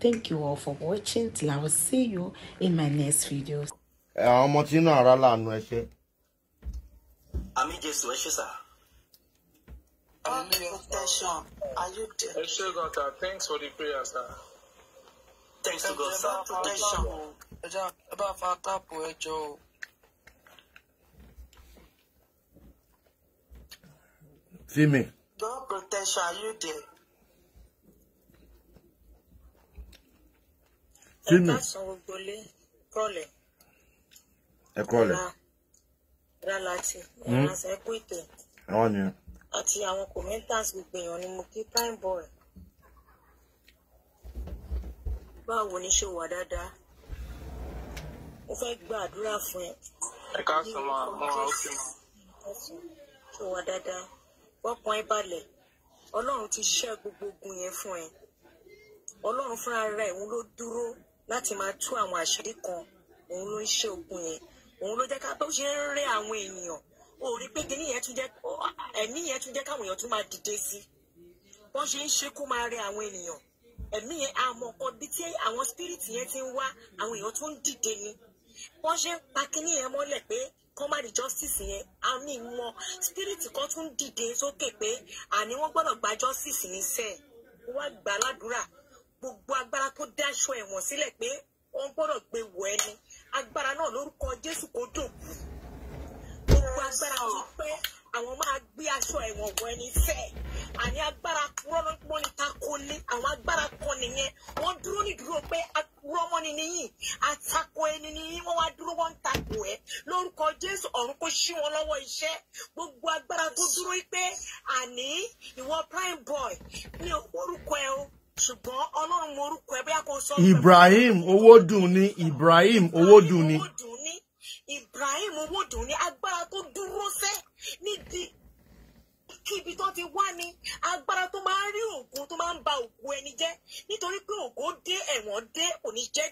thank you all for watching till i will see you in my next videos. àwọn ọmọ tí inú ara láàánú ẹ ṣe. àmì jésù ẹ ṣe sá. all protection are you there. ẹ ṣe gan ta thanks for the prayer sir. thanks to God sir. protection. ẹ bá fa táàpù ẹ o. Fimi. God protection are you there. jimmy ẹ good hmm? àwọn yẹn àti àwọn commenters gbogbo èèyàn ni mo kí prime boy báwo ni ṣe wà dáadáa mo fẹ́ gbàdúrà fún ẹ. ẹ káàsán máa mọ ọ sí ma. ṣe wà dáadáa wọ́pọ̀ ẹ balẹ̀ ọlọ́run ti ṣẹ́ gbogbo ogun yẹn fún ẹ ọlọ́run fúnra rẹ̀ òun ló dúró láti máa tú àwọn àṣírí kan òun ló ń ṣe ogun yẹn òun ló jẹ́ ká bó ṣe ń rẹ́ àwọn èèyàn ò rí pé kíní yẹn tún jẹ́ ẹ̀mí yẹn tún jẹ́ káwọn èèyàn tún máa dìde sí bọ́n ṣe ń ṣekú máa rẹ́ àwọn ènìyàn ẹ̀mí yẹn àmọ́ kan bí tí àwọn spiriti yẹn ti ń wá àwọn èèyàn tún dìde ni bọ́n ṣe ń pa kíní yẹn mọ́lẹ̀ pé kọ́márì justice yẹn a ní wọn kan tún dìde sókè pé àní wọ́n gbọ́dọ̀ gba justice ní sẹ́ẹ̀ wọ́n gbà ládùúrà gbogbo agbára tó dáṣọ ẹ̀wọ̀n sílẹ̀ pé wọ́n gbọ́dọ̀ gbé wọ̀ ẹ́ agbára náà lórúkọ Jésù kò dùn gbogbo agbára tó pé àwọn máa gbé aṣọ ẹ̀wọ̀n wọ̀ ẹni fẹ́ àní agbára rọ́mọ́ ta kò lé àwọn agbára kan nìyẹn wọ́n dúró nídúró pé rọ́mọ́ nìyí àtakò ẹni nìyí wọ́n wá dúró wọ́n ń takò ẹ́ lórúkọ Jésù ọ̀run kò ṣí wọn lọ́wọ́ iṣẹ́ gbogbo agbára tó dúró pé àní ìwọ prime boy ní orúkọ ẹ o ṣùgbọ́n ọlọ́run mo orúkọ ẹ bóyá kò Ibrahim Owódùn ni Ibrahim Owódùn ni. ni agbára tó dúró fẹ́ nídìí ibikíbi tó ti wá ni agbára tó máa rí ògo tó máa ń ba ògo ẹni jẹ́ nítorí pé ògo dé ẹ̀wọ̀n dé kò ní jẹ́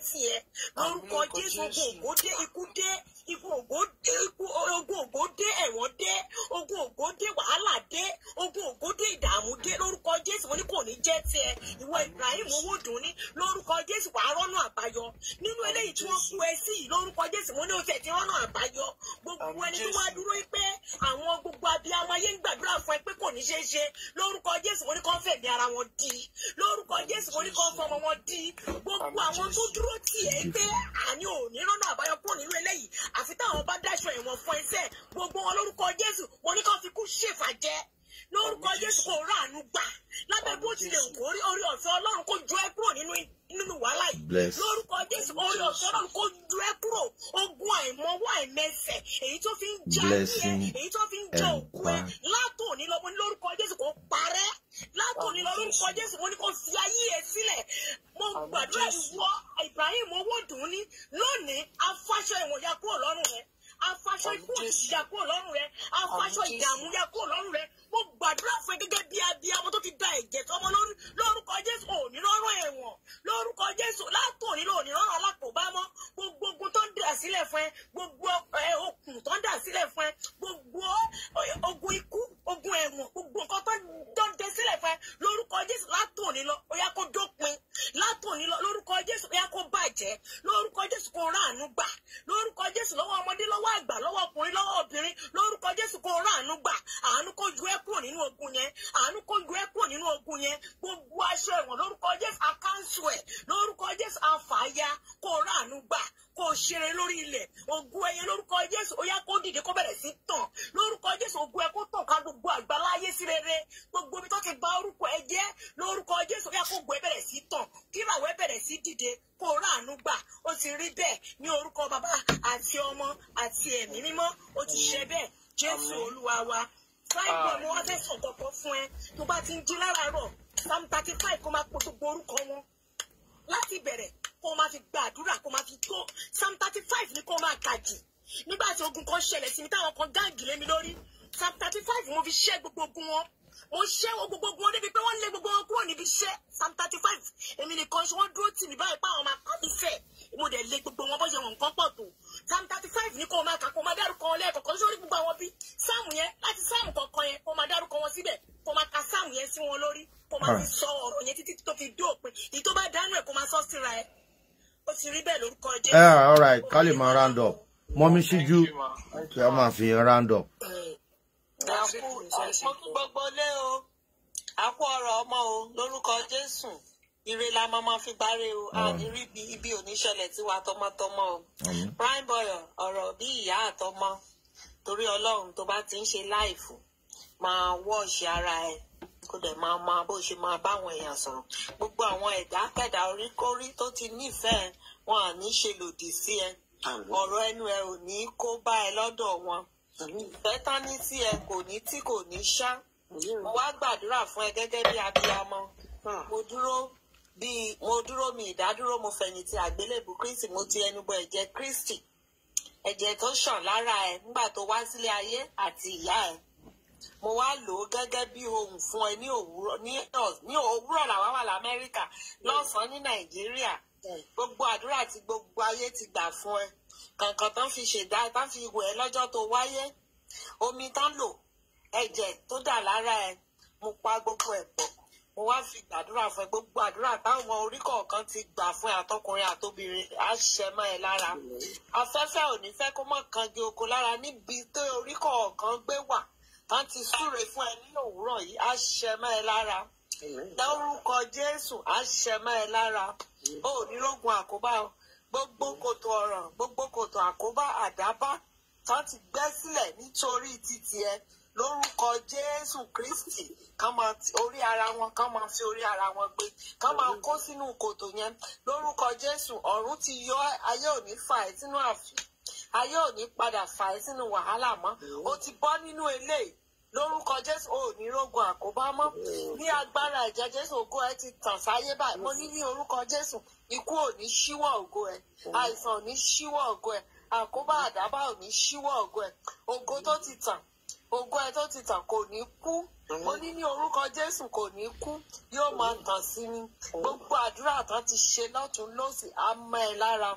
lórúkọ Jésù ògo dé ikú dé ikú ògo dé ikú ogun ògo dé ẹ̀wọ̀n dé ogun ògo dé wàhálà dé ogun ògo dé ìdààmú dé lórúkọ Jésù wọn kò ní jẹ́ tiẹ̀ ìwọ Ibrahim owó dùn ní lórúkọ Jésù wàá rọ́nà àbáyọ nínú eléyìí tí wọ́n kú ẹ sí yìí lórúkọ Jésù wọn ni ó ti rọ́nà àbáyọ gbogbo ẹni tó wá dúró pé àwọn gbogbo abiyamọ ayé ń gbàdúrà fún ẹ pé kò ní ṣeé ṣe lórúkọ jésù mo ní kàn fẹ̀mí ara wọn di lórúkọ jésù mo ní kàn fọmọ wọn di gbogbo àwọn tó dúró tì ẹ́ pé àní ò rọ́nà àbáyọ kúrò nínú ẹlẹ́ lọ́rùn rẹ afáṣọ ìdààmú yẹ kúrò lọ́rùn rẹ mo gbàdúrà fún ẹ gẹ́gẹ́ bí abiyamọ tó ti da ẹ̀jẹ̀ tọmọ lórúkọ jésù òní lọ́rùn ẹ̀wọ̀n lórúkọ jésù látòní lòní lọ́rùn alákòbámọ́ gbogbo ogun tó ń dà sílẹ̀ fún ẹ gbogbo okùn tó ń dà sílẹ̀ fún ẹ gbogbo ogun ikú ogun ẹ̀wọ̀n gbogbo nǹkan tó ń dẹ sílẹ̀ fún ẹ lórúkọ jésù látòní lọ ó yá kó dópin lato ni loruko jesu ya ko baje loruko jesu ko ranu gba loruko jesu lowo omode lowo agba lowo okunrin lowo obirin loruko jesu ko ranu gba anu ko ju e ku ninu okun yen anu ko ju e ku ninu okun yen kó máa fi gba àdúrà kó máa fi tó psalm thirty five ni kó máa kà jù nígbà tí ogun kan ṣẹlẹ̀ sí mi táwọn kan gáàgì lé mi lórí psalm thirty five mo fi ṣẹ́ gbogbo ogun wọn mo ṣẹ́ gbogbo ogun wọn débi pé wọ́n lé gbogbo wọn kúrò níbi iṣẹ́ psalm thirty five èmi nìkan ṣe wọ́n dúró tì mí báyìí pé àwọn máa pa mí fẹ́ mo dẹ̀ lé gbogbo wọn bó ṣe wọn nǹkan pọ̀ tó psalm thirty five ni kó máa kà kó máa dárúkọ wọn lẹ́ẹ̀kọ̀kan sórí gbogbo àwọn bí sáàmù yẹn láti sáàmù kọ̀ọ̀kan yẹn kó máa dárúkọ wọn síbẹ̀ kó máa ka sáàmù yẹn sí wọn lórí kó máa sọ ọ̀rọ̀ yẹn títí tó fi dóòpin èyí bá dánú ẹ̀ kó máa sọ síra ẹ̀ ti rí bẹ́ẹ̀ lórúkọ jẹ́. ẹ eh, all right ká lè máa round up mọ́mí síjú kí a máa fi round up. Eh, àpò gbogbo lé o àpò ọ̀rọ̀ ọmọ o lórúkọ Jésù ire la mọ́ máa fi gbáré o a ní rí ibi ibi oníṣẹ̀lẹ̀ tiwa tọmọtọmọ o prime boy ọ̀rọ̀ bí ìyá àtọmọ torí ọlọ́run tó bá ti ń ṣe láìfù máa wọ́ọ̀ṣì ara ẹ̀ kó dẹ̀ máa máa bó ṣe máa báwọn èèyàn sọ̀rọ̀ gbogbo àwọn ẹ̀dá kẹ̀dá oríkórí tó ti nífẹ̀ẹ́ wọn à ní ṣe lòdì sí ẹ ọ̀rọ̀ ẹnu ẹ ò ní kó bá ẹ lọ́dọ̀ wọn tẹ́tánítì ẹ kò ní tí kò ní ṣá mo wá gbàdúrà fún ẹ gẹ́gẹ́ bí abiyamọ mo dúró bí mo dúró mi ìdádúró mo fẹ̀yìntì àgbélébù Kristi mo ti ẹnu bọ ẹ̀jẹ̀ Kristi ẹ̀jẹ̀ tó ṣàn lára ẹ nígbà tó wá sílé ayé àti ìyá ẹ mo wá lò ó gẹ́gẹ́ bí ohun fún ẹ ní òwúrọ̀ ní òwúrọ̀ làwa wà lamẹ́ríkà lọ́sàn ní nàìjíríà gbogbo àdúrà tí gbogbo ayé ti gbà fún ẹ kàǹkàn tán fi ṣèdá tán fi wẹ̀ ẹ́ lọ́jọ́ tó wáyé omi tán lò ẹ̀jẹ̀ tó dà lára ẹ mo pa gbogbo ẹ̀ pọ̀ mo wá fi gbàdúrà fún ẹ gbogbo àdúrà táwọn orí kọ̀ọ̀kan ti gbà fún ẹ àtọkùnrin àtobìnrin á ṣẹ mọ́ ẹ lára afẹ́fẹ́ ò ní fẹ́ kó mọ̀ kangi oko lára níbi tó orí kọ̀ọ̀kan gbé wà tán ti súre fún ẹ ní òwúrọ̀ yìí á ṣẹ mọ́ ẹ lára lórúkọ jésù àṣẹmọ ẹ lára ó ní àkóbá o gbogbo kòtò ọ̀ràn gbogbo kòtò àkóbá àdábá tán ti gbẹ́ sílẹ̀ nítorí títì ẹ lórúkọ jésù kristi kán máa orí ara wọn kán máa fi orí ara wọn gbé kán máa kó sínú kòtò yẹn lórúkọ jésù ọ̀run ti yọ ayé òní fà ẹ́ sínú ààfin ayé òní padà fà ẹ́ sínú wàhálà mọ́ o ti bọ́ nínú eléyìí lórúkọ jésù ò ní rógun àkóbá mọ́ ní agbára ẹ̀jẹ̀ jésù ògo ẹ ti tàn sáyé báyìí mo ní ní orúkọ jésù ikú ò ní ṣíwọ́ ògo ẹ àìsàn ò ní ṣíwọ́ ògo ẹ àkóbá àdábá ò ní ṣíwọ́ ògo ẹ ògo tó ti tàn ògo ẹ tó ti tàn kò ní kú mo ní ní orúkọ jésù kò ní kú yóò máa tàn sí ni gbogbo àdúrà tán ti ṣe lọ́tún lọ́sì á mọ́ ẹ lára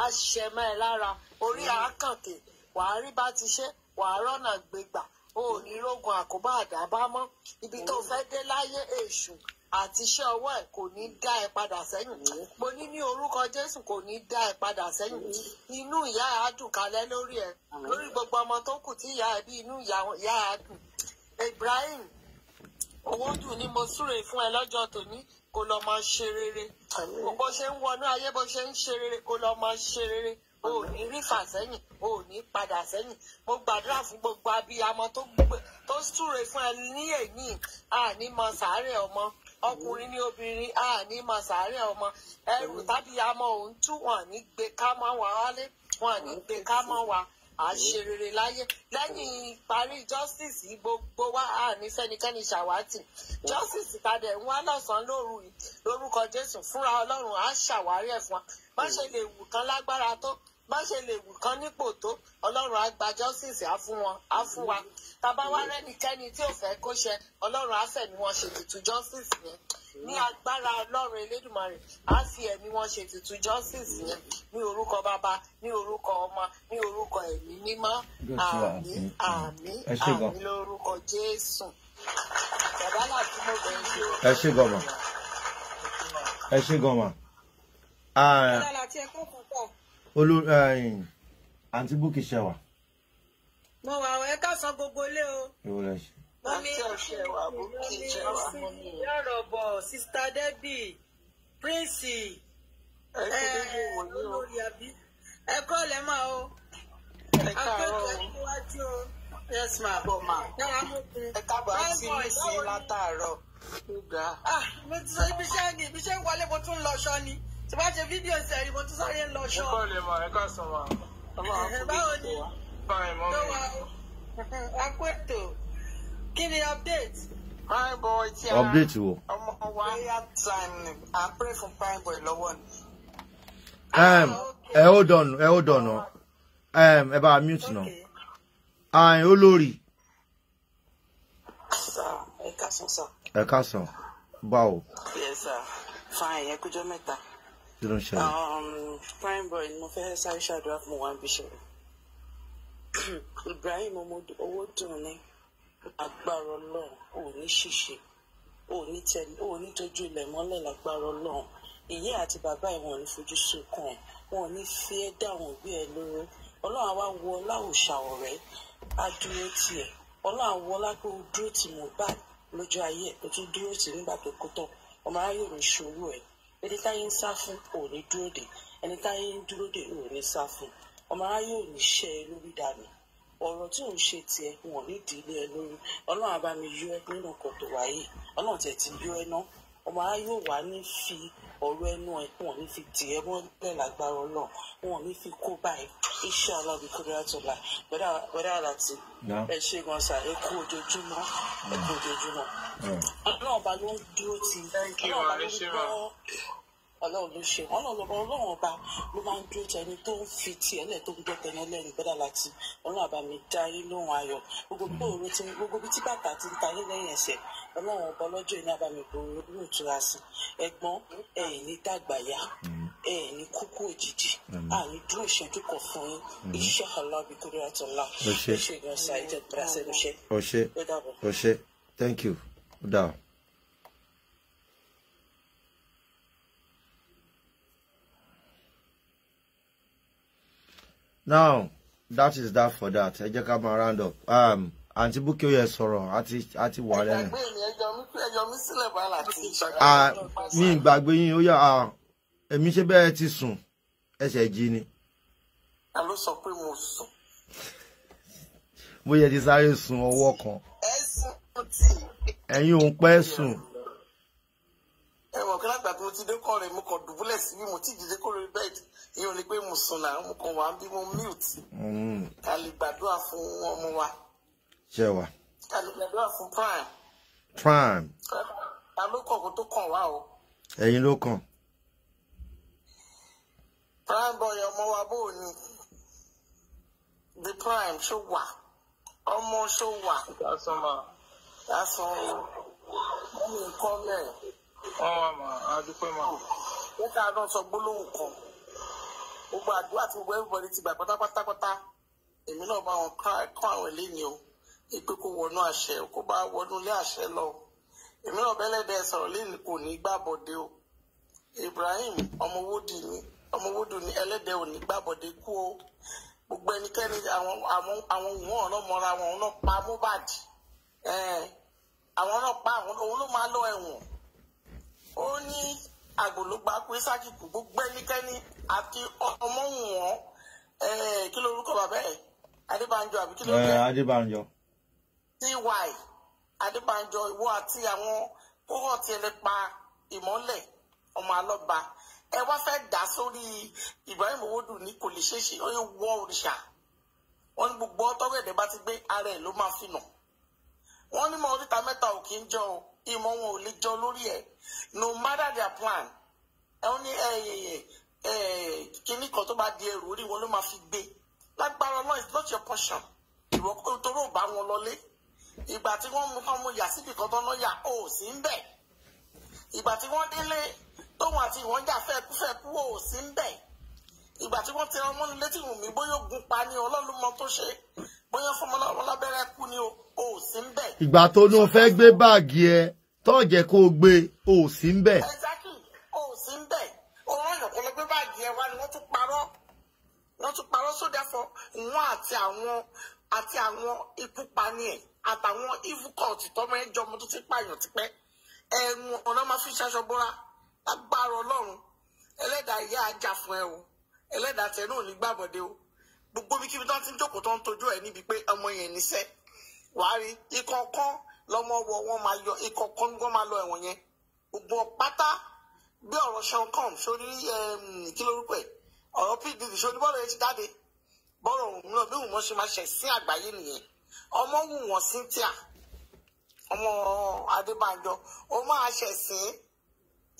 á ṣẹ mọ́ ẹ lára orí àákànkè wàá rí bá ti ṣe wàá rọ́nà gbégbà o ò ní rógun àkóbá àdábá mọ́ ibi tó fẹ́ dé láyé èṣù àti iṣẹ́ ọwọ́ ẹ̀ kò ní dá ẹ padà sẹ́yìn mm-hmm. mo ní ní orúkọ Jésù kò ní dá ẹ padà sẹ́yìn mm-hmm. inú ìyá ẹ á dùn kalẹ̀ lórí ẹ mm-hmm. lórí gbogbo ọmọ tó kù tí ìyá ẹ bí inú ìyá ẹ á dùn Ibrahim owó dùn ni mo súre fún ẹ lọ́jọ́ tòní kó lọ máa ṣe rere bó ṣe ń wọnú ayé bó ṣe ń ṣe rere kó lọ máa ṣe rere o ò ní rí fàsẹ́yìn o ò ní padà sẹ́yìn mo gbàdúrà fún gbogbo abiyamọ tó gbé tó súre fún ẹ ní èyí àní mọ sàárẹ̀ ọmọ ọkùnrin ní obìnrin àní mọ sàárẹ̀ ọmọ ẹrù tábìyamọ òun tún wọn ní gbé ká mọ́ wa wálé wọn ní gbé ká mọ́ wa àṣerere láyé lẹ́yìn parí justice yìí gbogbo wa à ní fẹ́nikẹ́ni ṣàwátì justice tadẹ̀ ń wá lọ́sàn-án lóru yìí lórúkọ Jésù fúnra Ọlọ́run á ṣàwárí ẹ̀ fún wa má ṣe lè wù kán lágbára tó bá ṣe lè wù kán nípò tó ọlọ́run á gba justice á fún wọn á fún wa tàbá wá rẹ́nikẹ́ni tí ò fẹ́ kó ṣe ọlọ́run á fẹ̀mí wọn ṣètùtù justice yẹn ní agbára ọlọ́run elédùnmarè á fi ẹ̀mí wọn ṣe tuntun justice yẹn ní orúkọ bàbá ní orúkọ ọmọ ní orúkọ ẹ̀mí mímọ́ àmín àmín àmín lórúkọ jésù bàbá láti mọ̀ bẹ́ẹ̀ ṣe o. ẹ ṣé gan ma ẹ ṣé gan ma. olú àǹtí búkì ṣẹwà. mo wà ẹ ká sọ gbogbo ilé o mọ́mí lọ́rọ̀ sista Debbie Prince eh, olórí àbí ẹ̀kọ́ lẹ́ máa o akẹ́kọ̀ọ́ níwájú o yes ma bọ̀ ma ẹ kábọ̀ á sí mi sí látàárọ̀ ah, mo ti sọ ibi iṣẹ́ ni ibi iṣẹ́ ń wọlé mo tún ń lọ ṣọ́ ni tí wọ́n ṣe fídíò sẹ́rí mo tún sáré ń lọ ṣọ́. ẹ̀kọ́ lè mọ ẹ̀kọ́ sọ̀rọ̀ báwo ni báwo ni a kó ètò kí update. prime boy ti ara update wo. ọmọ wa prayer time ni pray for prime boy lọ́wọ́ ni. Um, ẹ hold on ẹ hold on um, ẹ bá a mute náà àìn olórí. ẹ káàsán sir. ẹ káàsán báwo. yes sir fine ẹ kújọ mẹ́ta. kí ló ń ṣẹlẹ̀. Um, prime boy ni mo fẹ́ sáré ṣàdúrà fún wa bíṣẹ́ ibrahim ọmọ owó dùn ní agbára ọlọ́run ò ní ṣìṣe ò ní tẹni ò ní tójú ilẹ̀ mọ́lẹ̀ lágbára ọlọ́run ìyá àti bàbá ìwọ̀n ní fojú sunkún wọn ò ní fi ẹ́ dáhùn gbé ẹ lóró ọlọ́run àwa wọ láwùṣà ọ̀rẹ́ á dúró tiẹ̀ ọlọ́run àwọ lápò dúró tì Mohbad lójú ayé ẹ̀ tó dúró tì nígbà tó kú tán ọmọ aráyè ò ní ṣòro ẹ̀ ẹni táyé ń sá fún ò dúró dè ẹni táyé ń dúró dè ò sá fún ọmọ aráyè ò ní ẹ lórí dànù ọ̀rọ̀ tí ò ń ṣe tiẹ̀ wọ̀n ní ìdílé ẹ lórí ọlọ́run àbá yọ ẹ nínú ọkọ̀ tó wáyé ọlọ́run tẹ̀ ti yọ ẹ ná ọmọ á yóò wá ní fi ọ̀rọ̀ ẹnu ẹ wọ̀n ní fi tì mọ́lẹ̀ lágbára ọlọ́run wọ̀n ní fi kó báyìí iṣẹ́ alábi kúrẹ́ àtọ̀là gbọ́dọ̀ àlàtì ẹ ṣe gan ẹ kú ojoojúmọ́ ẹ kú mm. ojoojúmọ́ mm. ọlọ́run ọba ló ń dúró ti ọlọ́run ọba ló ń gbọ́ ọlọ́run ló ṣe wọn ọlọ́run ọba ló máa ń dúró tẹni tó ń fi tiẹ̀ lẹ̀ tó ń jẹ́ tẹni ẹlẹ́rìí gbọ́dọ̀ láti ọlọ́run àbá dá yín lóhùn ayọ̀ gbogbo bí òru ti gbogbo bí tí bàtà ti ń ta yín lẹ́yìn ẹsẹ̀ ọlọ́run ọba ọlọ́jọ́ ìní àbá mi kò ní ìtura sí ẹ̀gbọ́n ẹ̀yìn ní dàgbàyà ẹ̀yìn ní kúkú òjijì àní dúró ìṣẹ́jú kan fún yín iṣẹ́ alábi thank you. now that is that for that ẹ jẹ́ ká máa up um, àǹtí Bùkí ó yẹ ati àti wà lẹ́nu. Ah, mi ìgbàgbé yín ó yà ah, èmi ṣe bẹ́ẹ̀ ti sùn ẹsẹ̀ jí ni. ta ló sọ pé mo sùn. bóyá ti sáré sun ọwọ́ kan. ẹ̀yin òun pẹ́ sùn. ẹ̀wọ̀n kí lágbàdo mo ti dé kọ́ rẹ̀ mo kàn dùbúlẹ̀ sí mo ti dìde kó lórí bẹ́ẹ̀dì yóò ní pé mùsùn là ń kàn wá bí mo mute mm. ká lè gbàdúrà fún ọmọ wa. ṣé wa. ká fún prime. prime. ta ló kàn kó tó kàn wá o. ẹ̀yin ló kàn. prime boy ọmọ wa bò ní the prime ṣó wà ọmọ ṣó wà. lásán máa. lásán wọ́n mi kọ́ mẹ́rin. wọ́n wà máa adúpẹ́ máa. ó ká lọ sọ gbólóhùn kan gbogbo àdúrà tí gbogbo everybody ti gbà pátápátápátá èmi náà bá wọn kọ́ àwọn eléyìí o ipe kó wọnú àṣẹ kó bá wọnú ilé àṣẹ lọ èmi náà bẹ́lẹ́dẹ̀ sọ̀rọ̀ lẹ́nu kò ní gbàbọ̀dé o Ibrahim ọmọwódì ni ọmọwódì ni ẹlẹ́dẹ̀ ò ní gbàbọ̀dé kú o gbogbo ẹnikẹ́ni àwọn àwọn òun ọ̀nà mọ́ra wọn náà pa Mohbad àwọn náà pa àwọn òun ló máa lọ ẹ̀wọ̀n ó ní àgbòlógbà kú isaki kú gbogbo ẹnikẹ́ni àti ọmọ wọn kí lorúkọ bàbá ẹ̀ adébánjọ àbí kí lorúkọ ẹ̀ adébánjọ ty adébánjọ ìwọ àti àwọn kóhọ̀tì ẹlẹ́pa ìmọ́lẹ̀ ọmọ alọ́ba ẹ wá fẹ́ dá sórí ibrahim owódù ní kò lè ṣeéṣe ó yẹ wọ òrìṣà wọn ní gbogbo ọtọ́rọ̀ ẹ̀dẹ́ bá ti gbé ara ẹ̀ ló máa fi nà. No wọ́n ní mọ oríta mẹ́ta ò kí ń jọ o ìmọ̀ wọn ò lè jọ lórí ẹ̀ no matter their plan ẹ ní kíní kan tó bá di ẹrù orí wọn ló máa fi gbé lágbára Ọlọ́run it's not your portion ìwọ kó toró bá wọn lọlé ìgbà tí wọ́n mú fáwọn yà síbi kan tó ná yà ó sí ń bẹ̀ ìgbà tí wọ́n délé tóun àti ìwọ́n jà fẹ́ẹ́kú fẹ́ẹ́kú ó sí ń bẹ̀ ìgbà tí wọ́n ti ọmọ nílé tí wùmí bóyá ogun pa ni Ọlọ́run mọ tó ṣe bóyá fún ọmọ lábẹ́rẹ́ o ò sí ń bẹ̀. ìgbà tó ní o fẹ́ gbé báàgì ẹ tọ́jẹ̀ kó o gbé o ò sí ń bẹ̀. exactly o ò sí ń bẹ̀ òun ọ̀yàn kò lọ gbé báàgì ẹ wá ni wọ́n tún parọ́ wọ́n tún parọ́ sódà fọ wọn àti àwọn àti àwọn ikú pani ẹ̀ àtàwọn evil cult tọ́mọ ẹjọ́ ọmọ tó ti pààyàn tipẹ́ ẹnu ọ̀nà máa fi ṣaṣọ bọ́ra lágbára ọlọ́run ẹlẹ́dàá ìyá ajá fún ẹ o ẹlẹ́dàá tẹ̀ náà ní gbàbọ̀dé o gbogbo bí kíbi tó ti ń jókòó tó ń tọ́jú ẹ̀ níbi pé ọmọ yẹn níṣẹ́ wàá rí ìkọ̀ọ̀kan lọ́mọ wọ wọn máa yọ ìkọ̀ọ̀kan wọn máa lọ ẹ̀wọ̀n yẹn gbogbo pátá bí ọ̀rọ̀ Sean Combs sórí kí lórúkọ ẹ̀ ọ̀rọ̀ P Diddy sórí bọ́ọ̀lù yẹn ti jáde bọ́ọ̀lù òun náà bí òun mọ̀ ṣe máa ṣẹ̀ sí àgbáyé nìyẹn ọmọ wù wọ́n Cynthia ọmọ Adébánjọ ó máa ṣẹ̀ sí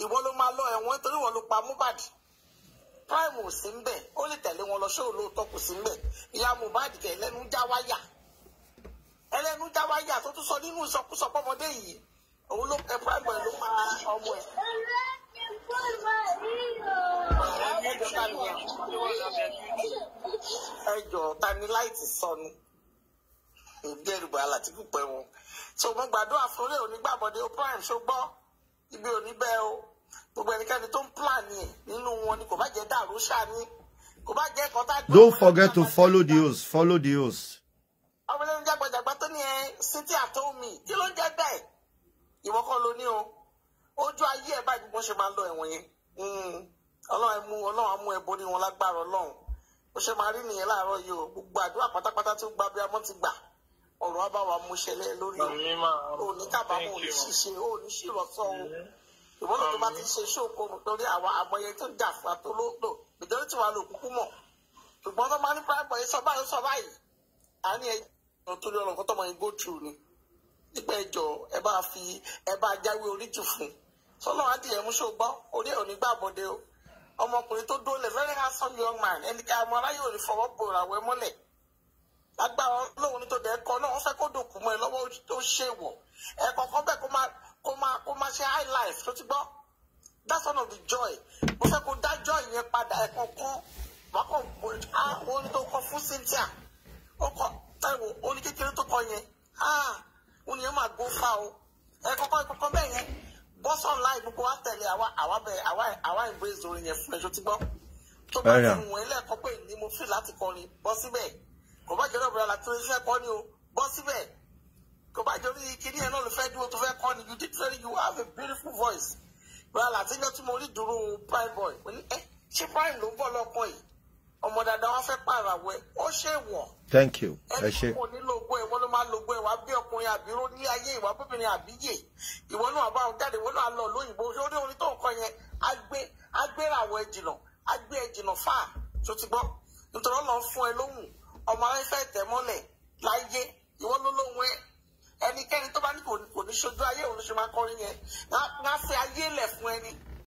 ìwọ ló máa lọ ẹ̀wọ̀n torí ìwọ ló pa Mohbad prime ò sí mbẹ ó lè tẹ̀lé wọn lọ ṣóò lóòótọ́ kò sí mbẹ ìyá Mohbad kẹ ẹlẹ́nu já wáyà ẹlẹ́nu já wáyà tó tún sọ nínú ìsọkúsọ pọ́mọdé yìí òun ló ẹ prime ẹ ló pa ọmọ ẹ. ẹ jọ ta ni láìtì sọnù ìdí ẹrù bàálà tí kò pẹ́ wọn so mo gbàdúrà fún ilé onígbàbọ̀dé ó prime ṣó gbọ́ ibi ò ní bẹ́ẹ̀ o gbogbo ẹnikẹ́ni tó ń plan nínú wọn ni kò bá jẹ́ dàrú ṣáà kò bá jẹ́ kọ́tà. don't forget to follow the host follow the host. ọmọ ẹni jágbàjàgbà tó ní ẹ city at home kí ló ń jẹ bẹ́ẹ̀ ìwọ kọ́ ló ní o ojú ayé ẹ báyìí bó ṣe máa ń lọ ẹ̀wọ̀n yẹn hmm. ọlọ́run ẹ mú ọlọ́run á ẹ borí wọn lágbára ọlọ́run bó ṣe máa rí nìyẹn láàárọ̀ yìí o gbogbo àdúrà pátápátá tí gba bí amọ́ ti gbà ọ̀rọ̀ á mú ṣẹlẹ̀ lórí ò ní kábàámọ̀ ò ní ṣìṣe ò ní ṣìrọ̀sọ o ìwọ́n tó um, bá ti ṣe ṣóòkó torí àwọn àmọye tó jà fún wa tó ló lò ìjọba tí wàá lò kúkú mọ̀ ṣùgbọ́n tó máa ní prime boy sọ báyìí sọ báyìí a ní ẹjọ́ tó lọ́rọ̀ kó tọmọ yín go through ni nípa ẹjọ́ ẹ bá fi ẹ bá jáwé oríjì fún sọlọ adìyẹ mú ṣògbọ́ orí ẹ̀ ò ní gbàbọ̀dé o ọmọkùnrin tó dólẹ̀ very handsome young man ẹni ká ọmọ aráyè ò ní fọwọ́ bòrà wẹ́ mọ́lẹ̀ agbára lóhun ní tó dẹ̀ kọ́ náà wọ́n fẹ́ kó dòkú máa kó máa ṣe high life tó ti gbọ́ that's one of the joy mo fẹ́ kó dá joy yẹn padà ẹ̀kan kan wàá kàn á orin tó kọ fún Cynthia ó kọ Táíwò orin kékeré tó kọ yẹn ah orin yẹn máa gbó fa o ẹ̀kan kan ẹ̀kan kan bẹ́ẹ̀ yẹn bọ́sì online gbogbo wa tẹ̀lé àwa àwa bẹ̀rẹ̀ àwa àwa embrace orin yẹn fún ẹ tó ti gbọ́ tó bá ti wọ̀n lẹ́ẹ̀kan pé ni mo fi láti kọrin bọ́ síbẹ̀ kò bá jẹ́ lọ́bùrọ̀ bọ́ tó bá jẹ́ orí náà ló fẹ́ dúró tó fẹ́ kọ́ ni you did very you have a beautiful voice bẹ́ẹ̀ látijọ́ tí mo rí dúró prime boy mo ní ẹ eh, ṣé prime ló ń bọ̀ lọ́kàn yìí ọmọ dáadáa wọn fẹ́ pààrọ̀ àwẹ̀ ó ṣe wọ̀. thank you ẹ ṣe. ẹni kò nílò ògbó ẹ wọn ló máa lo ẹ wá bí ọkùnrin àbíró ní ayé ìwà bóbìnrin àbíyè ìwọ náà bá wọn jáde ìwọ náà lọ lóyìnbó ó ní orin tó ń kọ yẹn agbé agbérawọ ẹ jìnà agbé ẹ jìnà tó ti gbọ́ nítorí Ọlọ́run fún ẹ lóhùn ọmọ aráyé fẹ́ tẹ̀ mọ́lẹ̀ láyé ìwọ ló lóhùn ẹ ẹnikẹ́ni tó bá ní kò ní ṣojú ayé òun ló ṣe máa kọrin yẹn wọ́n á fẹ́ ayé lẹ̀ fún ẹni.